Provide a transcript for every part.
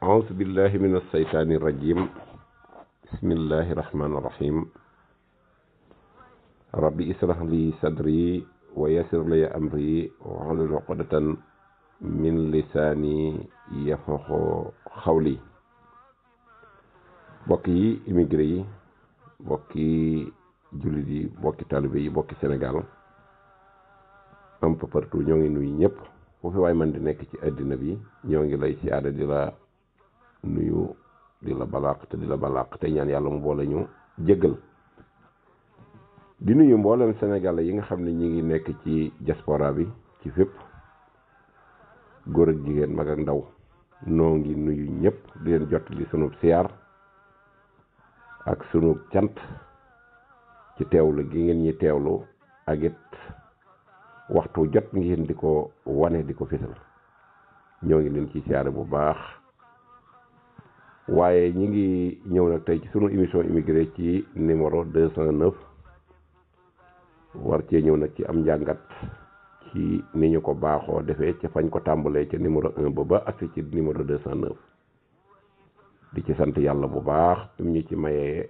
auzu billahi min alseytaani irrajim bismillahi irrahmaani irrahim rabbi israh li sadri wa yassir li amri wahlul uqdatan min lisaani yafqahu xawli mbokk yi immigré yi mbokki jullit yi mbokki talibé yi mbokki Sénégal un peu partout ñoo ngi nuyu ñëpp fu fi waay man di nekk ci àddina bi ñoo ngi lay siyaare di la nuyu di la balaax te di la balaax te ñaan yàlla mu boole ñu jéggal di nuyu mboolem sénégalais yi nga xam ne ñi ngi nekk ci diaspora bi ci fépp góor ak jigéen mag ak ndaw noo ngi nuyu ñëpp di leen jot li sunub siyaar ak sunu cant ci teewlu gi ngeen ñi teewlu ak it waxtu jot ngeen di ko wane di ko fésal ñoo ngi leen ci siyaare bu baax waaye ñi ngi ñëw nag tey ci sunu émission immigré ci numéro 209 war cee ñëw nag ci am njàngat ci ni ñu ko baaxoo defee ca fañ ko tàmbalee ci numéro un ba ba agsi ci numéro deux cent di ci sant yàlla bu baax bi ñu ci mayee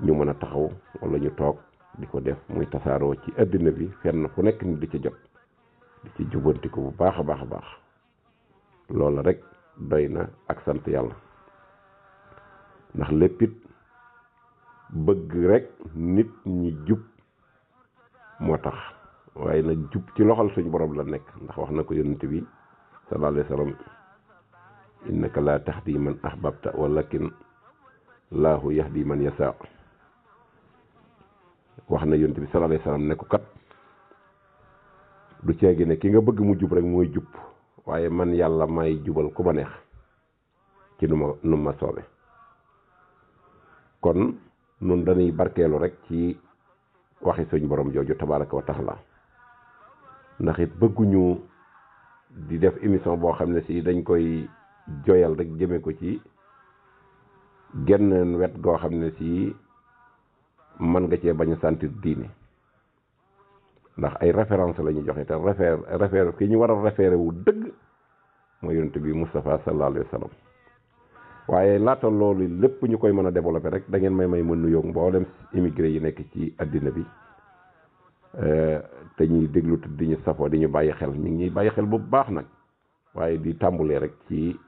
ñu mën a taxaw walla ñu toog di ko def muy tasaaroo ci àddina bi fenn fu nekk ni di ci jot di ci jubanti bu baax a baax a baax loola rek doy na ak sant yàlla ndax léppit bëgg rek nit ñi jub moo tax waaye nag jub ci loxol suñu borom la nekk ndax wax na ko yonent bi sallallahu alayhi wa sallam innaka laa tahdi man ahbabta walakin laahu yahdi man yasa wax na yonent bi sallallahu alayhi wa kat du ceegi ne ki nga bëgg mu jub rek mooy jub waaye man yàlla may jubal ku ma neex ci nu ma nu ma soobe kon nun dañuy barkeelu rek ci waxi suñ borom jooju tabaraka wa taala ndax it bëgguñu di def émission boo xam ne si dañ koy joyal rek jëme ko ci genn wet goo xam ne si mën nga cee bañ a sentir diine ndax ay référence la ñu joxe te référé référé ki ñu war a référé wu dëgg mooy yonent bi Moustapha sallallahu alayhi wa waaye laata loolu lépp ñu koy mën a développé rek da ngeen may may mën nuyoo mboolem immigré yi nekk ci àddina bi te ñuy déglu te di ñu safoo di ñu bàyyi xel ñu ngi ñuy bàyyi xel bu baax nag waaye di tàmbulee rek ci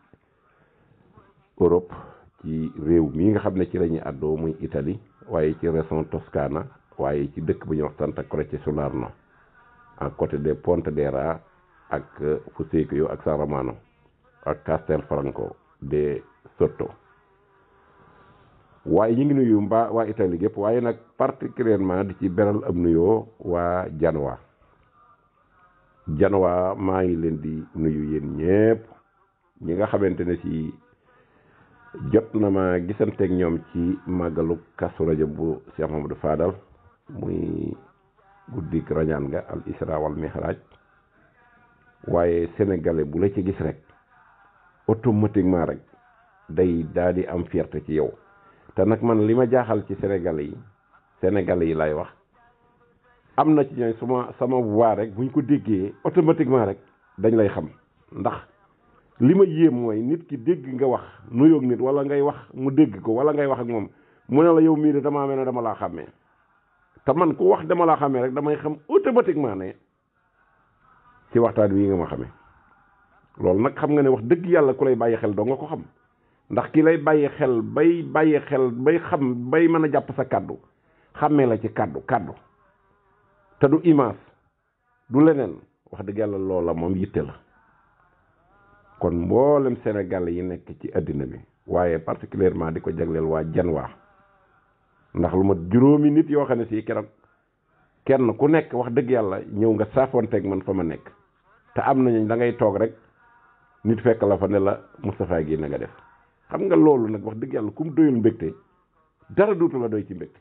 Europe ci réew mii nga xam ne ci lañuy ñuy àddoo muy Italie waaye ci région Toscana waaye ci dëkk bu ñuy wax Santa Croce Sull'Arno à côté des Pontedera ak Fucecchio ak San Romano ak Castelfranco de Soto waaye ñu ngi nuyu mbaa waa Italie gépp waaye nag particulièrement di ci beral ab nuyoo waa Janwa Janwa maa ngi leen di nuyu yéen ñépp ñi nga xamante ne ci jot na ma gisanteeg ñoom ci màggalu kastu Rajab bu Cheikh Mamadou Fadal muy guddik rañaan nga al isra wal mihraj waaye sénégalais bu la ci gis rek automatiquement rek day daal di am fierté ci yow te nag man li ma jaaxal ci senegal yi Sénégalais yi lay wax am na ci ñooy sama sama voix rek buñ ko déggee automatiquement rek dañ lay xam ndax li ma yéem mooy nit ki dégg nga wax nuyoog nit wala ngay wax mu dégg ko wala ngay wax ak moom mu ne la yow mii de damaa mel ne dama laa xàmmee te man ku wax dama laa xàmmee rek damay xam automatiquement ne ci waxtaan wi nga ma xamee loolu nag xam nga ne wax dëgg yàlla ku lay bàyyi xel doo nga ko xam. ndax ki lay bàyyi xel bay bàyyi xel bay xam bay mën a jàpp sa kàddu xàmmee la ci kàddu kàddu te du image du leneen wax dëgg yàlla la moom yitte la kon mboolem Sénégal yi nekk ci àddina bi waaye particulièrement di ko jagleel waa waa ndax lu ma juróomi nit yoo xam ne si keroog kenn ku nekk wax dëgg yàlla ñëw nga saafoonteeg man fa ma nekk te am nañu da ngay toog rek nit fekk la fa ne la Moustapha gi na nga def xam nga loolu nag wax dëgg yàlla ku mu mbég te dara dootu la doy ci mbégte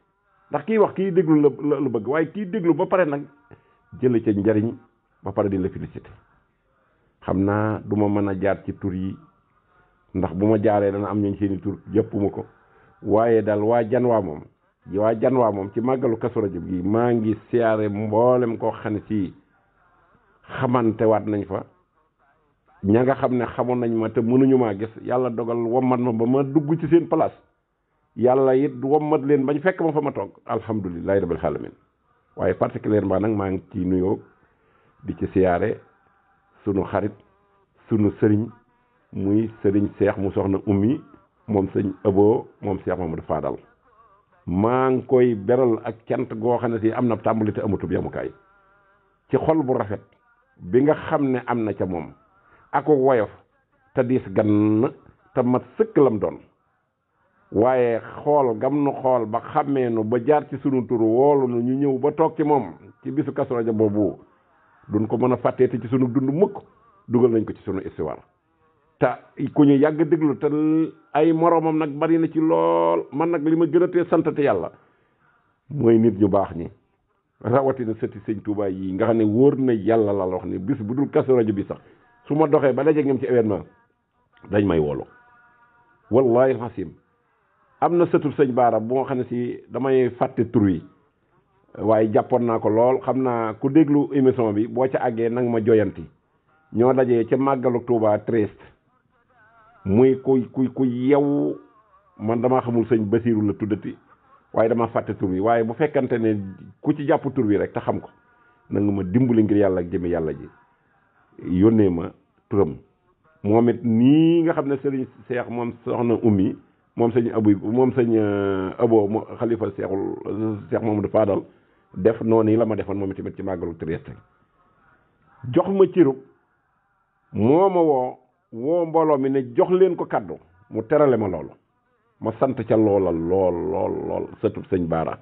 ndax kii wax kii déglu la lu bëgg waaye kii déglu ba pare nag jële ca njariñ ba pare di la xam naa du ma mën a jaar ci tur yi ndax bu ma jaaree dana am ñooñ seeni tur jëppuma ko waaye daal waa jan waa moom waa jan waa moom ci màggalu Kazu rajo gi maa ngi siyaare mboolem koo xam ne si xamante waat nañ fa ña nga xam ne xamoon nañ ma te mënuñu maa gis yàlla dogal wommat ma ba ma dugg ci seen place yàlla it wommat leen bañ fekk ma fa ma toog alhamdulilahi rabbil alamin waaye particulièrement nag maa ngi ciy nuyoo di ci siyaare sunu xarit sunu sëriñ muy sëriñ seex mu soxna ummi moom sëñ ëboo moom seex Mamadou Fadal maa ngi koy beral ak cant goo xam ne si am na tàmbali te amatub yamukaay ci xol bu rafet bi nga xam ne am na ca moom ako woyof te diis gann te mat sëkk lam doon waaye xool gam nu xool ba xàmmee nu ba jaar ci sunu tur woolu nu ñu ñëw ba toog ci moom ci bisu Kazu boobu duñ ko mën a fàtteeti ci sunu dund mukk dugal nañ ko ci sunu istiwaar te ku ñu yàgg déglu te ay moroomam nag bari na ci lool man nag li ma gën a tee santate yàlla mooy nit ñu baax ñi rawatina sëti sëñ Tuubaa yi nga xam ne wóor na yàlla la wax ne bis bu dul Kazu Rajab bi sax su ma doxee ba dajeeg ñoom ci événement dañ may wolu wallahi xasim am na sëtul sëñ Baara bu nga xam ne si damay fàtte tur waaye jàppoon naa ko lool xam naa ku déglu émission bi boo ca àggee nag ma joyanti ñoo dajee ca màggalu tuubaa Triste muy ku ku ku yew man damaa xamul sëñ Basiiru la tuddati waaye dama fàtte tur bi waaye bu fekkante ne ku ci jàpp tur bi rek te xam ko na nga ma dimbali ngir yàlla ak jëme yàlla ji yónnee ma turam moom it nii nga xam ne sëriñ seex moom soxna ummi moom sëñ abuy moom sëñ euh, abo xalifa seexul seex moom Mamadu Faadal def noonu la ma defoon moom tamit ci màggalu Trieste jox ma cirub moo ma woo woo mbooloo mi ne jox leen ko kàddu mu terale ma loolu ma sant ca loola lool lool lool sëtub sëñ Baara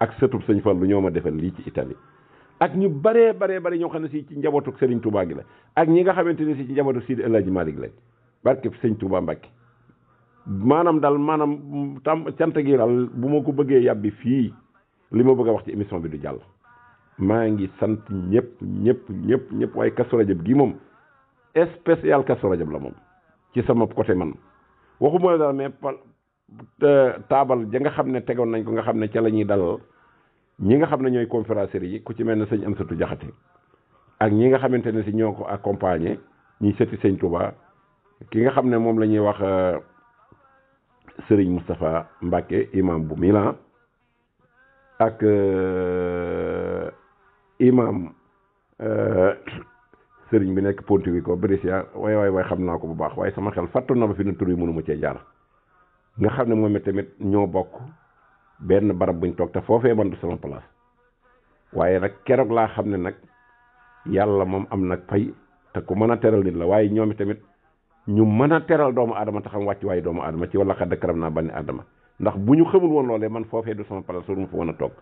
ak sëtub sëñ Fallu ñoo ma defal lii ci Italie ak ñu baree bare bare ñoo xam ne si ci njabootu Serigne Touba gi la ak ñi nga xamante ne si ci njabootu Sidi El Hadj Malick lañ barke Sëñ Touba Mbacke maanaam dal maanaam tam cant gi daal bu ma ko bëggee yàbbi fii li ma bëgg a wax ci émission bi du jàll. maa ngi sant ñëpp ñëpp ñëpp ñëpp waaye Kazu Rajab gi moom spécial Kazu Rajab la moom ci sama côté man waxuma la daal mais euh, taabal ja nga xam ne tegoon nañ ko nga xam ne ca la ñuy dalal. ñi nga xam ne ñooy conférenciers yi ku ci mel ne sëñ Amsatou Diakhaté ak ñi nga xamante ne si ñoo ko accompagné ñi sëti sëñ Touba ki nga xam ne moom la ñuy wax euh, Serigne Moustapha Mbacke imam bu Milan ak euh, imam euh, Serigne bi nekk Pontevico Brescia waay waay waay xam naa ko bu baax waaye sama xel fàttoon na ba fi ne tur yi mënu ma cee jaar nga xam ne moom it tamit ñoo bokk. benn barab buñ toog te foofee man du sama place waaye nag keroog laa xam ne nag yàlla moom am nag fay te ku mën a teral nit la waaye ñoom tamit ñu mën a teral doomu adama te xam wàcc waaye doomu adama ci wala xadd karam naa bani aadama ndax bu ñu xamul woon loolee man foofee du sama place mu fa mën a toog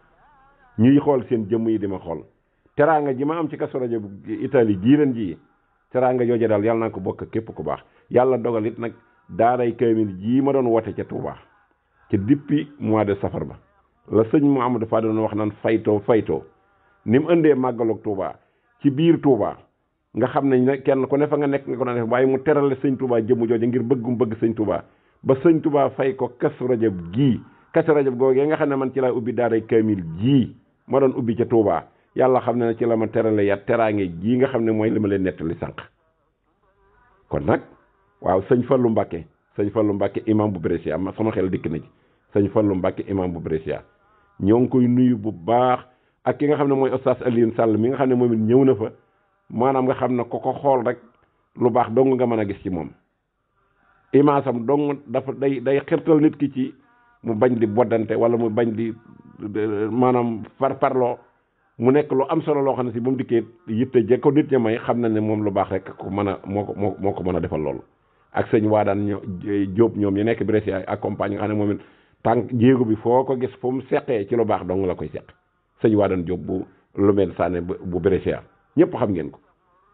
ñuy xool seen jëmm yi di ma xool teraanga ji ma am ci Kazu Rajab bu Italie gii ren jii teraanga jooje daal yàlla naa ko bokk képp ku baax yàlla dogal it nag daaray kaamil jii ma doon woote ca ca depuis mois de safar ba la sëñ Mouhamadou Fadel doon wax nan faytoo faytoo ni mu indee màggaloog Touba ci biir tuubaa nga xam ne ne kenn ku ne fa nga nekk nga ko daan def waaye mu terale sëñ Touba jëmm jooju ngir bëggum bëgg sëñ Touba ba sëñ Touba fay ko kasu rajab gii kasu rajab googee nga xam ne man ci laa ubbi daaray kaamil jii ma doon ubbi ca Touba yàlla xam ne ci la ma terale ya teraange jii nga xam ne mooy li ma leen nettali sànq kon nag waaw sëñ Fallou Mbacké sëñ Fallou Mbacké imam bu Brescia am sama xel dikk na ci sëñ Fallou Mbacke imam bu Brescia ñoo ngi koy nuyu bu baax ak ki nga xam ne mooy oustaz Alioune Sall mi nga xam ne moom it ñëw na fa maanaam nga xam ne ko ko xool rek lu baax dong nga mën a gis ci moom imaasam dong dafa day day xirtal nit ki ci mu bañ di boddante wala mu bañ di maanaam par parloo mu nekk lu am solo loo xam ne si bu mu dikkee yitte je ko nit ña may xam na ne moom lu baax rek ko mën a moo ko moo ko mën a defal loolu ak sëñ waa daan ñoo Jóob ñoom ñu nekk Brescia accompagne nga xam ne moom tànk jéego bi foo ko gis fu mu seqee ci lu baax dong la koy seq sëñ Wadane Diop bu lu mel sànne bu Brescia ñëpp xam ngeen ko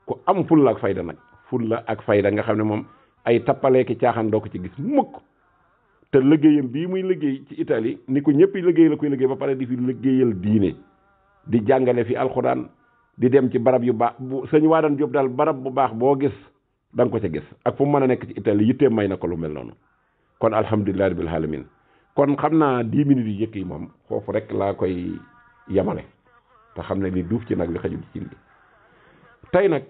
ku am fulla ak fayda nag fulla ak fayda nga xam ne moom ay tappalee caaxaan doo ko ci gis mukk te liggéeyam bii muy liggéey ci Italie ni ko ñëpp liggéey la koy liggéey ba pare di fi liggéeyal diine di jàngale fi alxuraan di dem ci barab yu baax bu sëñ Wadane jóob daal barab bu baax boo gis da ko ca gis ak fu mu mën a nekk ci Italie yittee may na ko lu mel noonu kon alhamdulilah rabbil alamin kon xam naa dix minutes yi jëkk yi moom foofu rek laa koy yamale te xam ne ni duuf ci nag li xajul ci bi tey nag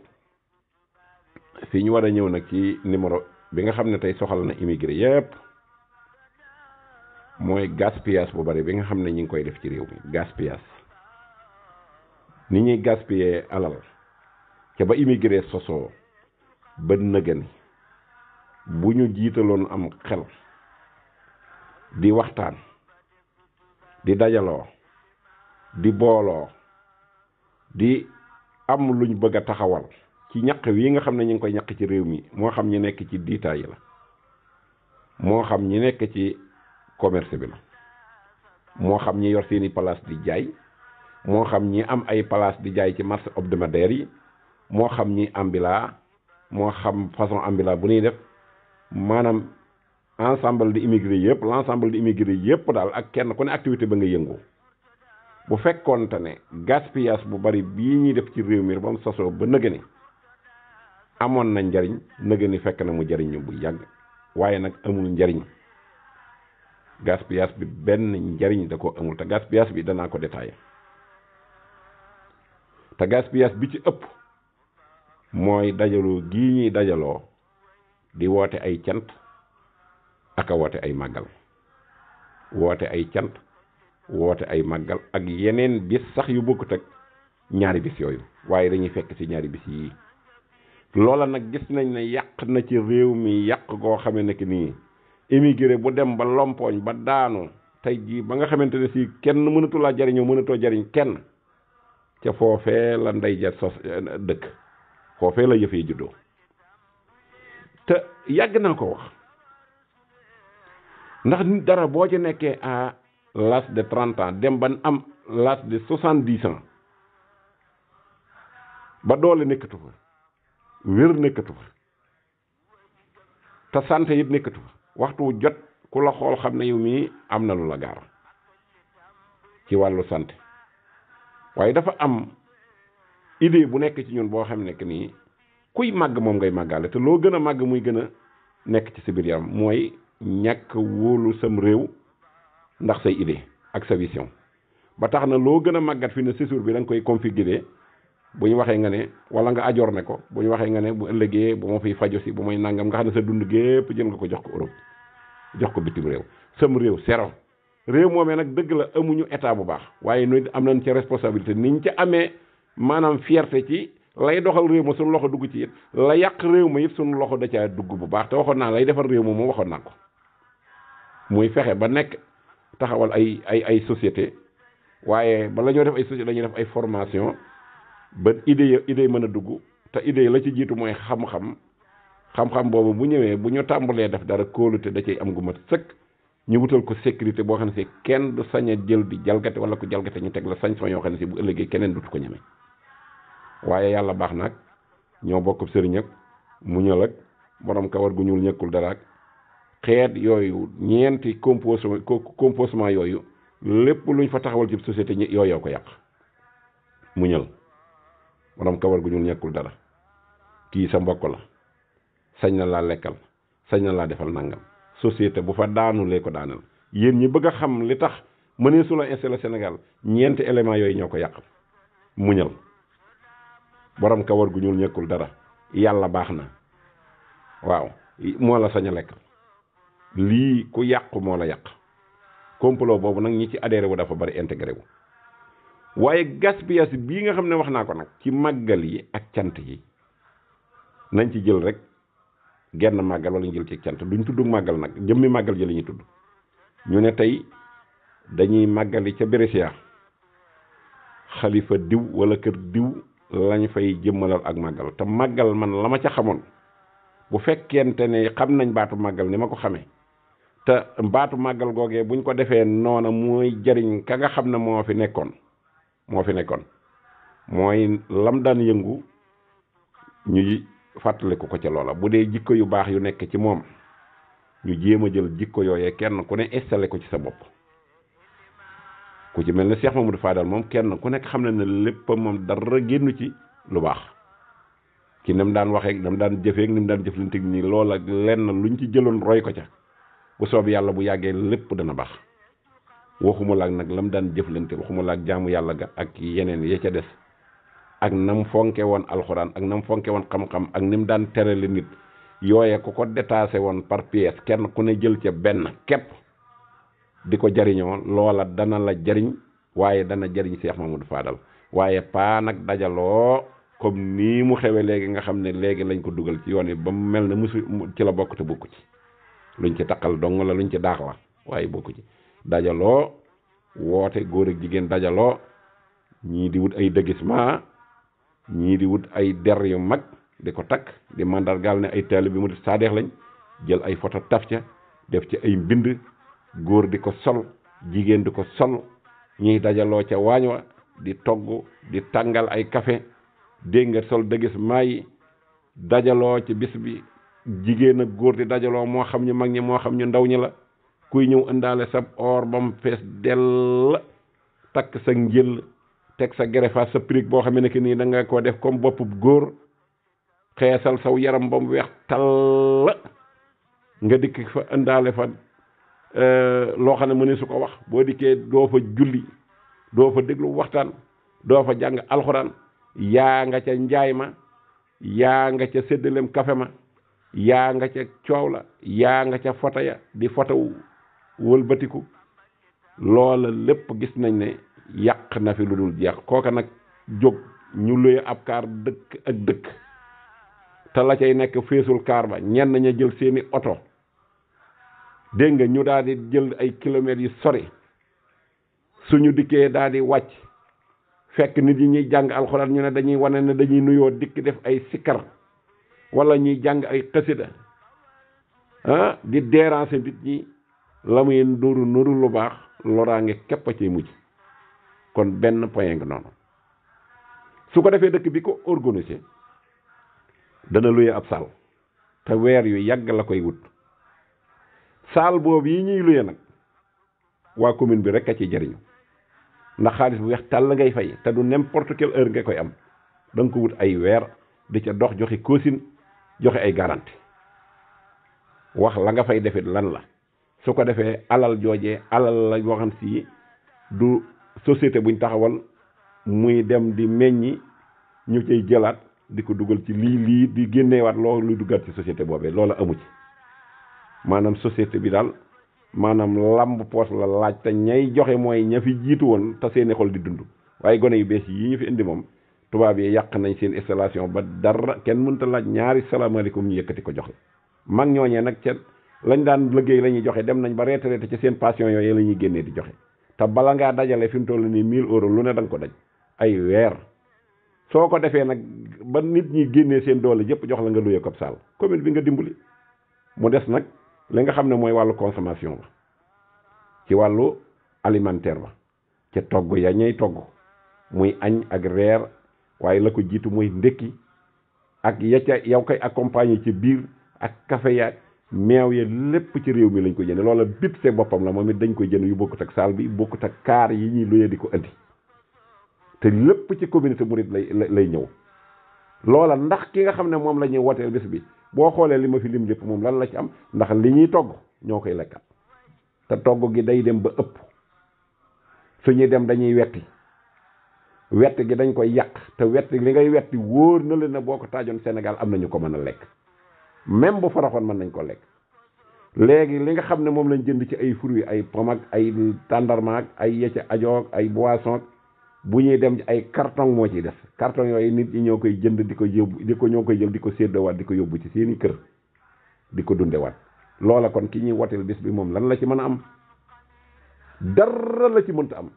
fii ñu war a ñëw nag ci numéro bi nga xam ne tey soxal na immigré yépp mooy gaspillage bu bari bi nga xam ne ñi ngi koy def ci réew mi gaspillage ni ñuy gaspiller alal ca ba immigré sosoo ba nëgëni bu ñu jiitaloon am xel di waxtaan di dajaloo di booloo di am luñ bëgg a taxawal ci ñaq wi nga xam ne ñu ngi koy ñaq ci réew mi moo xam ñu nekk ci diitaa yi la moo xam ñi nekk ci commerce bi la moo xam ñi yor seeni place di jaay moo xam ñi am ay place di jaay ci marché hebdomadaire yi moo xam ñi ambila moo xam façon ambila bu ñuy def maanaam ensemble de immigré yëpp l' ensemble de immigré yëpp daal ak kenn ku ne ba nga yëngu bu fekkoonte ne gaspillage bu bari bii ñuy def ci réew mi ba mu sosoo ba nëgë ni amoon na njariñ nëgë ni fekk na mu jariñ bu yàgg waaye nag amul njariñ gaspillage bi benn njariñ da ko amul te gaspillage bi danaa ko détaillé te gaspillage bi ci ëpp mooy dajaloo gii ñuy dajaloo di woote ay cant ak a woote ay màggal woote ay cant woote ay màggal ak yeneen bis sax yu bokkut ak ñaari bis yooyu waaye dañuy fekk ci ñaari bis yii loola nag gis nañ ne yàq na ci réew mi yàq goo xame ne ki nii immigré bu dem ba lompooñ ba daanu tey jii ba nga xamante ne si kenn mënatu laa jariñoo mënatoo jariñ kenn ca foofee la ndey ja sos eh, dëkk foofee la yëf yi juddoo te yàgg naa ko wax ndax dara boo ci nekkee à l'âge de trente ans dem ban am l'âge de soixante dix ba doole nekkatu fa wér nekkatu fa te santé yit nekkatu fa waxtu jot ku la xool xam na yow mii am na lu la gaar ci wàllu santé waaye dafa am idée bu nekk ci ñun boo xam nekk nii kuy màgg moom ngay màggaale te loo gën a màgg muy gën a nekk ci sa biir yaram mooy ñàkk wóolu sam réew ndax say idée ak sa vision ba tax na loo gën a màggat fi ne séjour bi da nga koy configurer bu ñu waxee nga ne wala nga ajoor ne ko bu ñu waxee nga ne bu ëllëgee bu ma fiy fajo si bu may nangam nga xam ne sa dund gépp jël nga ko jox ko Europe jox ko bitim réew sam réew sero réew moomee nag dëgg la amuñu état bu baax waaye ñun am nañ ca responsabilité niñ ca amee maanaam fierté ci lay doxal réew ma suñu loxo dugg ci it la yàq réew ma it suñu loxo da caa dugg bu baax te waxoon naa lay defar réew ma moom waxoon naa ko muy fexe ba nekk taxawal ay ay ay societé waaye bala ñoo def ay société dañuy def ay formation ba idée idée mën a dugg te idée la ci jiitu mooy xam-xam xam-xam boobu bu ñëwee bu ñu tàmbalee def dara kóolute da cay am gu mat sëkk ñu wutal ko sécurité boo xam ne si kenn du sañ jël di jalgate wala ko jalgate ñu teg la sañ yoo xam ne si bu ëllëgee keneen dutu ko ñeme waaye yàlla baax nag ñoo bokk sëriñ ak mu ñël ak borom kawar gu ñuul ñëkkul dara ak xeet yooyu ñeenti composement composement yooyu lépp luñ fa taxawal ci société yooyu ko yàq mu ñël maanaam kawar gu ñuul ñàkkul dara kii sa mbokk la sañ na laa lekkal sañ na laa defal nangam société bu fa daanu ko daanal yéen ñi bëgg a xam li tax mënee su la installé ñeenti éléments yooyu ñoo ko yàq muñal boroom kawar gu ñuul ñëkkul dara yàlla baax na waaw moo la sañ a lekk lii ku yàqu moo la yàq complot boobu nag ñi ci adhéré wu dafa bari intégré wu waaye gaspillage bii nga xam ne wax naa ko nag ci màggal yi ak cant yi nañ ci jël rek genn màggal wala ñu jël ci cant duñ tudd màggal nag jëmmi màggal ji la ñuy tudd ñu ne tey dañuy màggali ca Bérésia xalifa diw wala kër diw lañ fay jëmmalal ak màggal te màggal man la ma ca xamoon bu fekkente ne xam nañ baatu màggal ni ma ko xamee te baatu màggal googee ñu ko defee noona mooy jariñ ka nga xam ne moo fi nekkoon moo fi nekkoon mooy lam daan yëngu ñuy fàttaliku ko ca loola bu dee jikko yu baax yu nekk ci moom ñu jéem a jël jikko yooyee kenn ku ne installé ko ci sa bopp ku ci mel ne Cheikh Mamadou Fadal moom kenn ku nekk xam na ne lépp moom dara génnu ci lu baax ki nam daan waxee nam daan jëfee nam daan jëflanteeg nii loola lenn lu ñu ci jëloon roy ko ca bu soob yàlla bu yàggee lépp dana baax waxuma laak nag mu daan jëflante waxuma laak jaamu yàlla ga ak yeneen ya ca des ak mu fonke woon alxuraan ak na mu fonke woon xam-xam ak ni mu daan terale nit yooye ku ko détaché woon par pièce kenn ku ne jël ca benn kepp di ko jariñoo loola dana la jariñ waaye dana jariñ Cheikh Mamadou Fadal waaye paa nag dajaloo comme nii mu xewe léegi nga xam ne léegi lañ ko dugal ci yoon yi ba mu mel ne mu ci la bokku ci luñ ci takkal dong la luñ ci daax la waaye bokku ci dajaloo woote góor ak jigéen dajaloo ñii di wut ay déguisement ñii di wut ay der yu mag di ko takk di mandargaal ne ay taalibe bi mu saadeex lañ jël ay photo taf ca def ci ay mbind góor di ko sol jigéen di ko sol ñuy dajaloo ca waañ wa di togg di tàngal ay kafe dégg nga sol déguisement yi dajaloo ci bis bi jigéena góor di dajaloo moo xam ñu mag ñi moo xam ñu ndaw ñi la kuy ñëw indaale sab or ba mu fees dell takk sa njël teg sa gerefaas sa prig boo xam ne que nii da nga ko def comme boppub góor xeesal saw yaram ba mu weex tall nga dikk fa indaale fa euh, loo xam ne mu ne su ko wax boo dikkee doo fa julli doo fa déglu waxtaan doo fa jàng alxuraan yaa nga ca njaay ma yaa nga ca séddaleem kafe ma yaa nga ca coow la yaa nga ca foto ya di fotowu wëlbatiku loola lépp gis nañ ne yàq na fi lu dul jeex kooka nag jóg ñu luye ab kaar dëkk ak dëkk te la cay nekk feesul kaar ba ñenn ña jël seeni oto dégg nga ñu daldi di jël ay kilomètres yu sori su ñu dikkee daldi wàcc fekk nit yi ñuy jàng alxuraan ñu ne dañuy wane ne dañuy nuyoo dikk def ay sikkar wala ñuy jàng ay xasida ah di déranger nit ñi la muy nuru nuru lu baax loraange képp a ciy mujj kon benn point nga noonu su ko defee dëkk bi ko organisé dana luye ab saal te weer yu yàgg la koy wut saal boobu yi ñuy luye nag waa commune bi rek a ci jariñu ndax xaalis bu weex tàll ngay fay te du n'importe quelle heure nga koy am da ko wut ay weer di ca dox joxe koosin joxe ay garanti wax la nga fay defit lan la su ko defee alal joojee alal la yoo xam si du société buñ taxawal muy dem di meññi ñu cay jëlaat di ko dugal ci lii lii di génneewaat loo luy dugal ci société boobe loola amu ci maanaam société bi daal maanaam lamb poos la laaj te ñay joxe mooy ña fi jiitu woon te seeni di dund waaye gone yi bees yi ñu fi indi moom tubaab yi yàq nañ seen installation ba dara kenn mënta laaj ñaari salaamaaleykum ñu yëkkati ko joxe mag ñooñee nag ca lañ daan liggéey la ñuy joxe dem nañ ba retraité ci seen pension yooyu la ñuy génnee di joxe te bala ngaa dajale fi mu toll nii 1000 oro lu ne da ko daj ay weer soo ko defee nag ba nit ñi génnee seen doole yëpp jox la nga luyee ko saal commune bi nga dimbali mu des nag li nga xam ne mooy wàllu consommation ba ci wàllu alimentaire ba ca togg ya ñay togg muy añ ak waaye la ko jiitu mooy ndékki ak ya ca yow koy accompagner ci biir ak kafe yaag meew ya lépp ci réew mi lañ ko jënd loola bip see boppam la moom it dañ koy jënd yu bokkut ak saal bi bokkut ak kaar yi ñuy luyee di ko indi te lépp ci communauté mouride lay lay ñëw loola ndax ki nga xam ne moom la ñuy wooteel bés bi boo xoolee li ma fi lim lépp moom lan la ci am ndax li ñuy togg ñoo koy lekkat te togg gi day dem ba ëpp su ñuy dem dañuy wetti wett gi dañ koy yàq te wett li ngay wetti wóor na leen ne boo ko taajoon Sénégal am na ñu ko mën a lekk même bu faraxoon mën nañ ko lekk léegi li nga xam ne moom lañ jënd ci ay fruits ay pomme ay tàndarma ay yecce ajoog ay boison bu ñuy dem ay carton moo ciy des carton yooyu nit ñi ñoo koy jënd di ko yóbbu di ko ñoo koy jël di ko séddewaat di ko yóbbu ci seeni kër di ko dundewaat loola kon ki ñuy woteel bis bi moom lan la ci mën a am dara la ci mënta am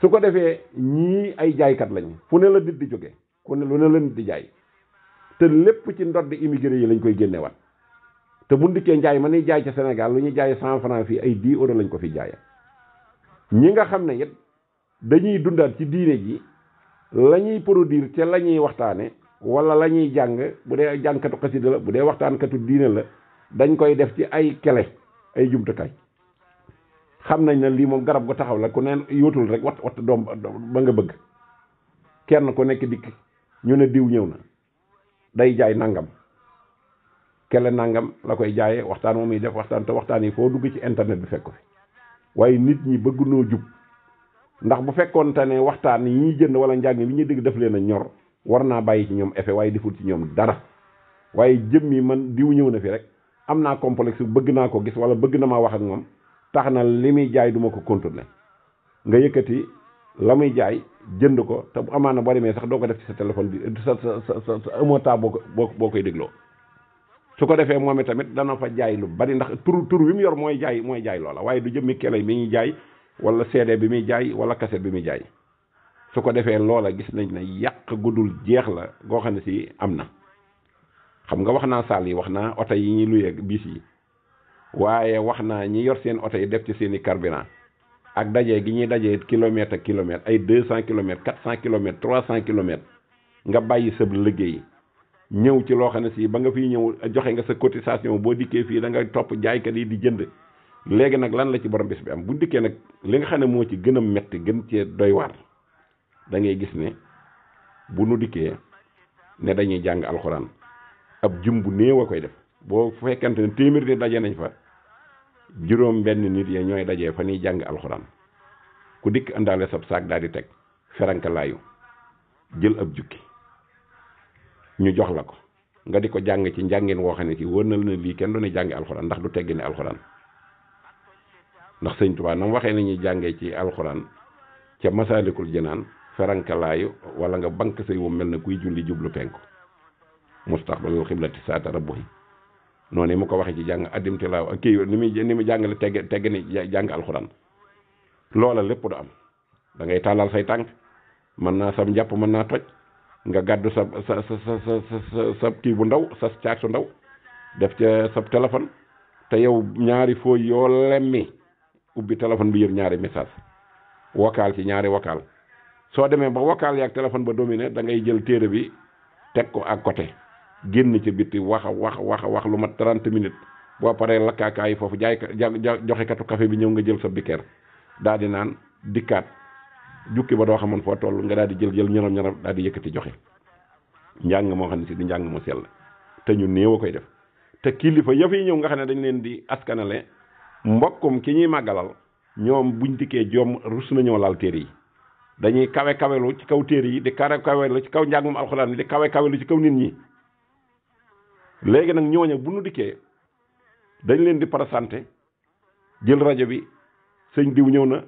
su ko defee ñii ay jaaykat lañ fu ne la nit di jóge ku ne lu ne la nit di jaay te lépp ci ndodd immigré yi lañ koy génnewaat te bu dikkee njaay ma ni jaay ca Sénégal lu ñuy jaay cent franc fii ay dix euros lañ ko fi jaaya ñi nga xam ne it dañuy dundaat ci diine ji la ñuy produire te la ñuy waxtaane wala la ñuy jàng bu dee jàngkatu xasida la bu dee waxtaankatu diine la dañ koy def ci ay kele ay jumtukaay xam nañ ne lii moom garab gu taxaw la ku neen yóotul rek wat wat doom ba nga bëgg kenn ku nekk dikk ñu ne diw ñëw na day jaay nangam kele nangam la koy jaayee waxtaan moom yi def waxtaan te waxtaan yi foo dugg ci internet bi fekk ko waaye nit ñi bëgg noo jub ndax bu fekkoon ne waxtaan yi ñuy jënd wala njàng li ñuy dégg def leen a ñor war naa bàyyi ci ñoom effet waaye deful ci ñoom dara waaye jëm yi man diw ñëw na fi rek am naa complexe bëgg naa ko gis wala bëgg na maa wax ak moom taax na li muy jaay duma ma ko contourné nga yëkkati la muy jaay jënd ko te bu na boo demee sax doo ko def ci sa téléphone bi sa sa sa sa amoo temps boo ko boo koy dégloo su ko defee moom tamit dana fa jaay lu bari ndax tur tur wi mu yor mooy jaay mooy jaay loola waaye du jëmmi kele bi ñuy jaay wala CD bi muy jaay wala cassette bi muy jaay su ko defee loola gis nañ ne yàq guddul jeex la goo xam ne si am na xam nga wax naa saal yi wax naa oto yi ñuy luyee bis yi waaye wax naa ñi yor seen oto yi def ci seen i carburant ak daje gi ñuy daje kilomètre ak kilomètre ay deux cent kilomètres quatre cent kilomètres trois cent nga bàyyi sa liggéey ñëw ci loo xam ne si ba nga fiy ñëw joxe nga sa cotisation boo dikkee fii da nga topp jaaykat yi di jënd léegi nag lan la ci borom bi am bu dikkee nag li nga xam ne moo ci gën a metti gën cee doy waar da ngay gis ne bu nu dikkee ne dañuy jàng alxuraan ab jum bu néew a koy def. boo fekkante ne téeméer de daje nañ fa juróom benn nit ñooy dajee fa ñuy jàng alxuraan ku dikk àndaale sab saak daal di teg ferankalaayu jël ab jukki ñu jox la ko nga di ko jàng ci njàngin woo xam ne ci wër na la lii kenn doone jàngi alxuraan ndax du teggi ne ndax sëñ Tuubaa na mu waxee ne jàngee ci alxuraan ca masaalikul janaan ferankalaayu walla nga bank say wum mel na kuy julli jublu penku mustaxbalul xiblati saata rabbuhi noonu mu ko waxee ci jàng addim tilaaw ak kii ni muy ni mu jàngale tegg tegg ni jàng alxuraan loola lépp du am da ngay tàllal say tànk mën naa sam jàpp mën naa toj nga gàddu sa sa sa sa sa kii bu ndaw sa caag su ndaw def ca sa téléphone te yow ñaari foo yoo lemmi ubbi téléphone bi yëpp ñaari message vocal ci ñaari wokaal soo demee ba vocal yaag téléphone ba dominé da ngay jël téere bi teg ko ak côté génn ca bitti wax a wax wax wax lu mat 30 minutes boo paree lakkaakaay foofu jaay joxekatu café bi ñëw nga jël sa biker daal di naan dikkaat jukki ba doo xamoon foo tollu nga daal di jël jël ñorom ñorom daal di yëkkati joxe njàng moo xam ne si di njàng mu sell te ñu néew koy def te kilifa ya fay ñëw nga xam ne dañ leen di askanale mbokkum ki ñuy màggalal ñoom buñ dikkee joom rus nañoo laal téere yi dañuy kawe kawelu ci kaw téere yi di kawe kawelu ci kaw njàngum alxuraan bi di kawe kawelu ci kaw nit ñi léegi nag ñooña bu nu dikkee dañ leen di parasanté jël rajo bi sëñ diw ñëw na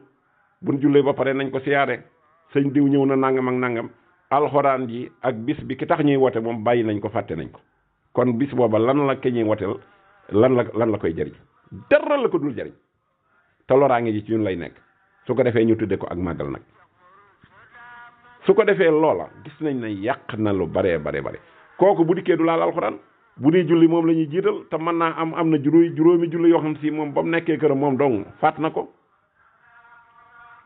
buñ jullee ba pare nañ ko siyaare sëñ diw ñëw na nangam ak nangam alxuraan ji ak bis bi ki tax ñuy wote moom bàyyi nañ ko fàtte nañ ko kon bis booba lan la ke ñuy woteel lan la lan la koy jëriñ dara la ko dul jariñ te loraange ji ci ñun lay nekk su ko defee ñu tuddee ko ak màggal nag su ko defee loola gis nañ na yàq na lu baree bare bare kooku bu dikkee du laal alxuraan bu dee julli moom la ñuy jiital te mën naa am am na juróomi juróomi julli yoo xam si moom ba mu nekkee këram moom dong faat na ko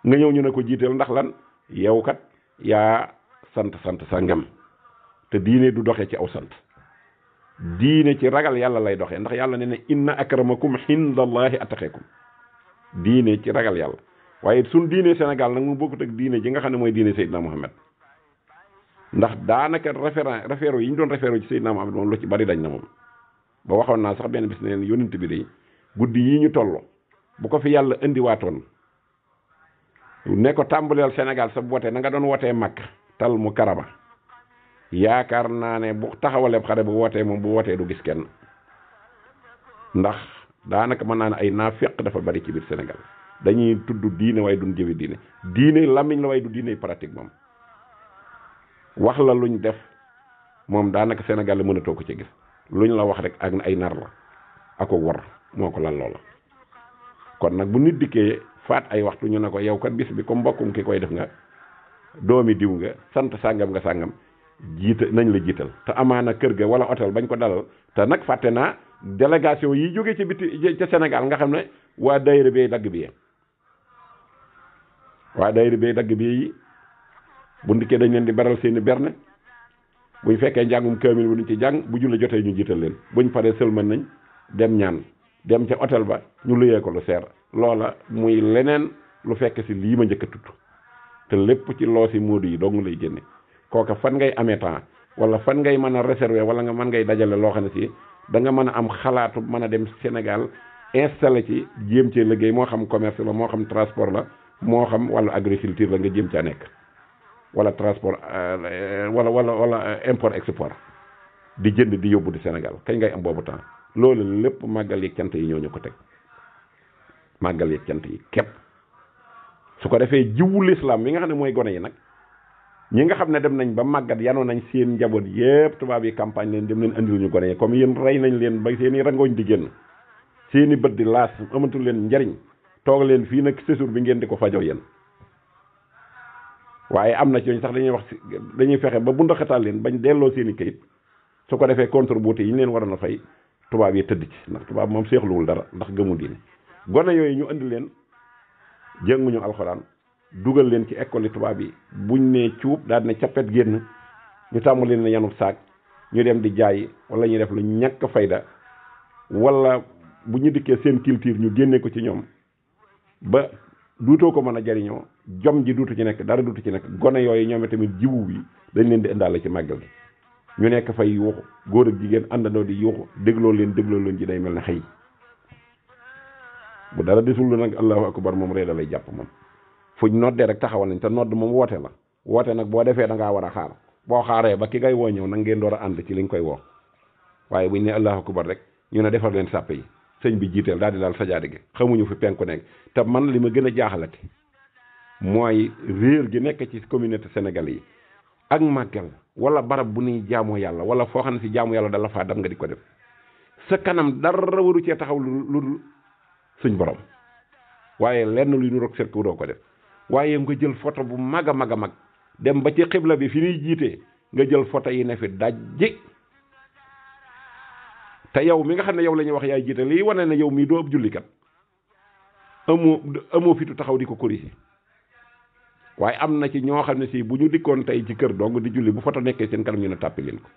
nga ñëw ñu ne ko jiital ndax lan yow kat yaa sant sant sangam te diine du doxee ci aw sant diine ci ragal yàlla lay doxee ndax yàlla ne ne inna akramakum hindallahi attaqakum diine ci ragal yàlla waaye suñ diine Sénégal nag mu bokkut ak diine ji nga xam ne mooy diine Seydina Muhammad ndax daanaka référent référé yi ñu doon référé ci Seydina Muhammad moom lu ci bari dañ na moom ba waxoon naa sax benn bis neen yónnent bi de guddi yi ñu toll bu ko fi yàlla indiwaatoon ne ko tàmbaleel Sénégal sa woote na nga doon wootee Makka tal mu karaba yaakaar naa ne bu taxawalee xare bu wootee moom bu wootee du gis kenn ndax daanaka mën naa ne ay naaféq dafa bari ci biir Sénégal dañuy tudd diine waaye duñ jëfe diine diine làmmiñ la waaye du diine pratique moom wax la luñ def moom daanaka Sénégal la mënatoo ko ci gis luñ la wax rek ak ay nar la ak ko war moo ko lan loola kon nag bu nit dikkee faat ay waxtu ñu ne ko yow kat bis bi comme mbokkum ki koy def nga doomi diw nga sant sàngam nga sàngam jiita nañ la jiital te amaana kër ga wala hôtel bañ ko dalal te nag fàtte naa délégation yi jóge ci biti ca Sénégal nga xam ne waa daayira bee dagg bi waa daayira bee dagg bi bu ndikkee dañ leen di baral seeni berne buñ fekkee njàngum kaamil bu duñ ci jàng bu julli jotee ñu jiital leen buñ paree sëlman nañ dem ñaan dem ca otel ba ñu luyee ko lu seer loola muy leneen lu fekk si lii ma njëkk a tudd te lépp ci loo loosi moodu yi dong lay génne kooka fan ngay amee temps wala fan ngay mën a réserver wala nga mën ngay dajale loo xam ne si danga mën a am xalaatu mën a dem Sénégal installé ci jéem cee liggéey moo xam commerce la moo xam transport la moo xam wàllu agriculture la nga jéem caa nekk. wala transport euh, euh, wala wala wala euh, import export di jënd di yóbbu di Sénégal kañ ngay am boobu temps loolu lépp màggal yeeg cant yi ñoo ñu ko teg màggal yeeg cant yi képp su ko defee jiwu lislaam mi nga xam ne mooy gone yi nag ñi nga xam ne dem nañ ba màggat yanoon nañ seen njaboot yépp tubaab yi campagne leen dem leen andil ñu gone yi comme yéen rey nañ leen ba seen i rangooñ di génn seen i bët di laas amatul leen njariñ toog leen fii nag séjour bi ngeen di ko fajoo yéen waaye am na ci ñooñu sax dañuy wax ci dañuy fexe ba bu bundaxatal leen bañ delloo seeni kayit su ko defee contributé yi ñu leen waroon a fay tubaab yi tëdd ci ndax tubaab moom seexluwul dara ndax gëmu diine gone yooyu ñu indi leen jënguñu alxuraan dugal leen ci école tubaab yi buñ nee cuub daal ne cappet génn ñu tàmm leen ne yanub saak ñu dem di jaay wala ñu def lu ñàkk fayda walla bu ñu dikkee seen culture ñu génnee ko ci ñoom ba duutoo ko mën a jariñoo jom ji duutu ci nekk dara duutu ci nekk gone yooyu ñoom tamit jiwu bi dañ leen di indaale ci màggal gi ñu nekk fay yuuxu góor ak jigéen àndandoo di yuuxu dégloo leen dégloo leen ji day mel ne xëy bu dara di lu nag allahu akbar moom ree da lay jàpp moom fuñ noddee rek taxawal nañ te nodd moom wootee la woote nag boo defee da ngaa war a xaar boo xaaree ba ki ngay woo ñëw nag ngeen door a ànd ci liñ koy woo waaye buñ ne allahu akbar rek ñu ne defar leen sàppe sëñ bi jiiteel daal di laal sajaada gi xamuñu fi penku nekk te man li ma gën a jaaxalati mooy réer gi nekk ci communauté senegal yi ak màggal wala barab bu nuy jaamoo yàlla wala foo xam ne si jaamu yàlla dala fa dam nga di ko def sa kanam dara waru cee taxaw lu lu suñ borom waaye lenn lu ñu rog seet ko doo ko def waaye nga jël photo bu mag a mag a mag dem ba ci xibla bi fi ñuy jiitee nga jël photo yi ne fi dajji te yow mi nga xam ne yow lañuy wax yaay jiite lii wane na yow mii doo ab jullikat amoo amoo fitu taxaw di ko corriger waaye am na ci ñoo xam ne si bu ñu dikkoon tey ci kër dong di julli bu foto nekkee seen kanam ñu ne tàppi leen ko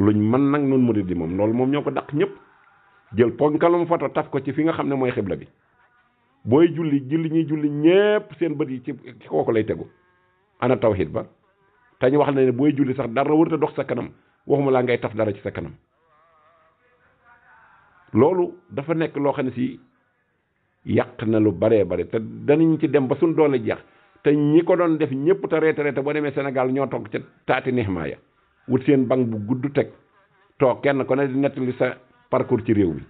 luñ mën nag noonu murid di moom loolu moom ñoo ko dàq ñëpp jël ponkalam foto taf ko ci fi nga xam ne mooy xibla bi booy julli julli ñuy julli ñépp seen bët yi ci kooku lay tegu ana tawhid ba te ñu wax ne ne booy julli sax dara warut dox sa kanam waxuma laa ngay taf dara ci sa loolu dafa nekk loo xam ne si yàq na lu baree bare te danañ ci dem ba suñ doole jeex te ñi ko doon def ñëpp te reete reete boo demee Sénégal ñoo toog ca taati neexmaa ya wut seen banque bu gudd teg toog kenn ko ne di nettali sa parcours ci réew mi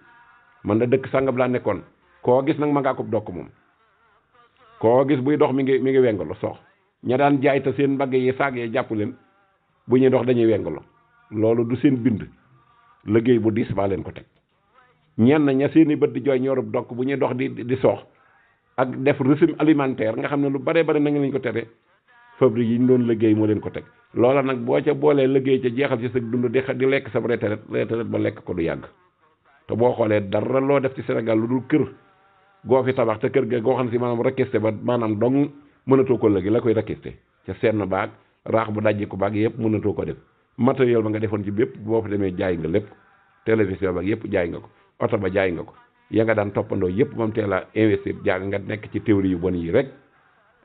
mën da dëkk sangam laa nekkoon koo gis nag ma ngaa ko dokk moom koo gis buy dox mi ngi mi ngi wengalo soox ña daan jaay te seen mbagg yi saag yi jàpp leen bu ñuy dox dañuy wengalo loolu du seen bind liggéey bu diis baa leen ko ñenn ña seeni bët di jooy ñorub dokk bu ñu dox di di soox ak def régime alimentaire nga xam ne lu bare bare na nga lañ ko tere fabrique yi ñu doon liggéey moo leen ko teg loola nag boo ca boolee liggéey ca jeexal ci sa dund di di lekk sa retraite retraite ba lekk ko du yàgg te boo xoolee dara loo def ci Sénégal lu dul kër goo fi tabax te kër ga goo xam si maanaam rakiste ba maanaam dong mënatoo ko léegi la koy rakiste ca seen baag raax bu dajji ko baag yëpp mënatoo ko def matériel ba nga defoon ci bépp boo demee jaay nga lépp télévision baag yëpp jaay nga ko oto ba jaay nga ko ya nga daan toppandoo yëpp moom teel a investir jaag nga nekk ci théorie yu bon yi rek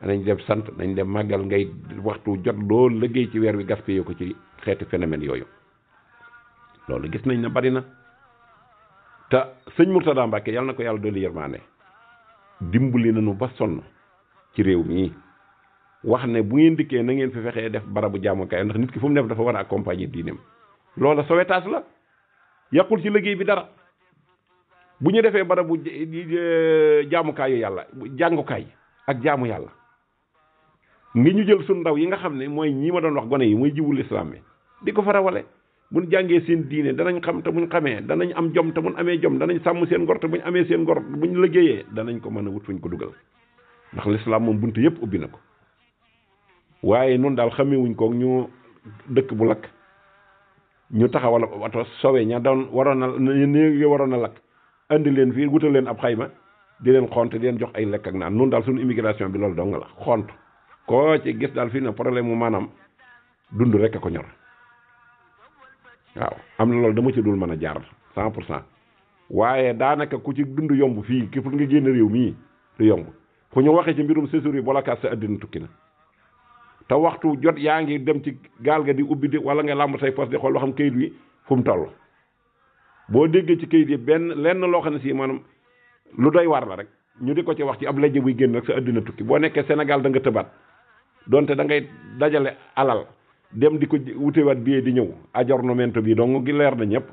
nañ dem sant nañ dem màggal ngay waxtu jot loo liggéey ci weer wi gaspillé ko ci xeeti phénomène yooyu loolu gis nañ ne bari na te sëñ Mourtada Mbacke yàlla na ko yàlla dolli yërmaane dimbali nañu ba sonn ci réew mii wax ne bu ngeen dikkee na ngeen fi fexee def barabu jaamukaay ndax nit ki fu mu nekk dafa war a accompagner diineem loola sauvetage la bu ñu defee barabu euh, jaamukaayu yàlla jàngukaay ak jaamu yàlla ngi ñu jël suñ ndaw yi nga xam ne mooy ñii ma doon wax gone yi mooy jiwul islam bi di ko farawale buñ jàngee seen diine danañ xam te buñ xamee danañ am jom te buñ amee jom danañ sàmm seen ngor te buñ amee seen ngor buñ liggéeyee danañ ko mën a wut fuñ ko dugal ndax lislaam moom bunt yëpp ubbi na ko waaye noonu daal xamewuñ ko ñu dëkk bu lakk ñu taxawal oto sowe ña doon waroon a waroon a lakk andi leen fii wutal leen ab xayma di leen xont di leen jox ay lekk ak naan noonu daal suñu immigration bi loolu dong la xont koo ci gis daal fii na problème mu maanaam dund rek ko ñor waaw am na loolu dama ci dul mën a jaar cent pour daanaka ku ci dund yomb fii képp ngi génn réew mii du yomb fu ñu waxee ci mbirum séjour yi bolakaat sa àddina tukki na te waxtu jot yaa ngi dem ci gaal ga di ubbi di wala nga làmb say poste di xool loo xam kayit wi fu mu toll boo déggee ci kayit yi benn lenn loo xam ne si maanaam lu doy war la rek ñu di ko ci wax ci ab lajj buy génn rek sa àddina tukki boo nekkee Sénégal da nga tëbaat donte da ngay dajale alal dem di ko wutewaat billet di ñëw ajornomento bi dong gi leer na ñëpp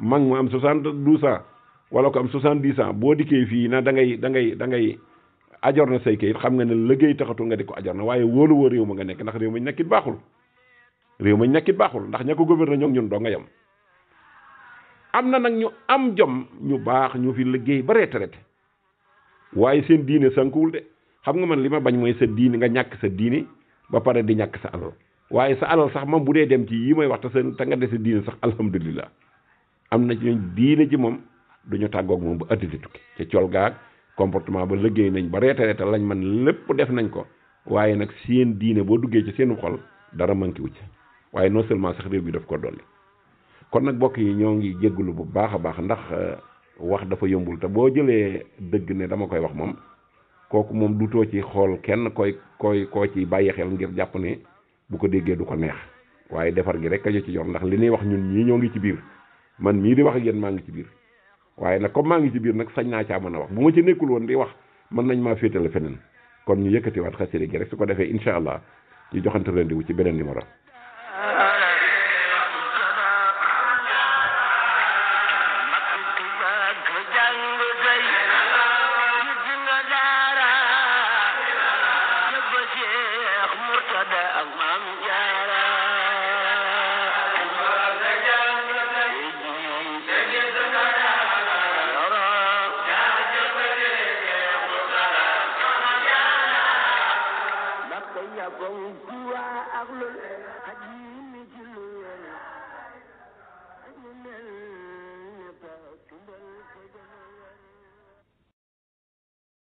mag mu am soixante-douze ans wala ko am soixante-dix ans boo dikkee fii na da ngay da ngay da ngay ajorna say kayit xam nga ne liggéey taxatu nga di ko ajorna waaye wóolu woo réew ma nga nekk ndax réew ma ñu nekkit baaxul réew ma ndax ña ko ñoom ñun doo nga yem am na nag ñu am jom ñu baax ñu fi liggéey ba retraité waaye seen diine sënkuwul de xam nga man li ma bañ mooy sa diine nga ñàkk sa diine ba pare di ñàkk sa alal waaye sa alal sax moom bu dee dem ci yi may wax te seen te nga dese diine sax alhamdulilah am na ci diine ji moom duñu ñu tàggoog moom ba ëtt di tukki ci col gaag comportement ba liggéey nañ ba retraité lañ man lépp def nañ ko waaye nag seen diine boo duggee ci seenu xol dara manqué ci waaye non seulement bi daf ko dolli. kon nag mbokk yi ñoo ngi jégalu bu baax a baax ndax euh, wax dafa yombul te boo jëlee dëgg ne dama koy wax moom kooku moom du too ci xool kenn koy koy koo ci bàyyi xel ngir jàpp ni bu ko déggee du ko neex waaye defar gi rek a ñu ci yor ndax li ñuy wax ñun ñii ñoo ngi ci biir man ñii di wax ak yéen maa ngi ci biir waaye nag comme maa ngi ci biir nag sañ naa caa mën a wax bu ma ci nekkul woon di wax mën nañ maa féetale feneen kon ñu yëkkatiwaat xasida gi rek su ko defee incha allah ñu joxante rendez ci beneen numéro.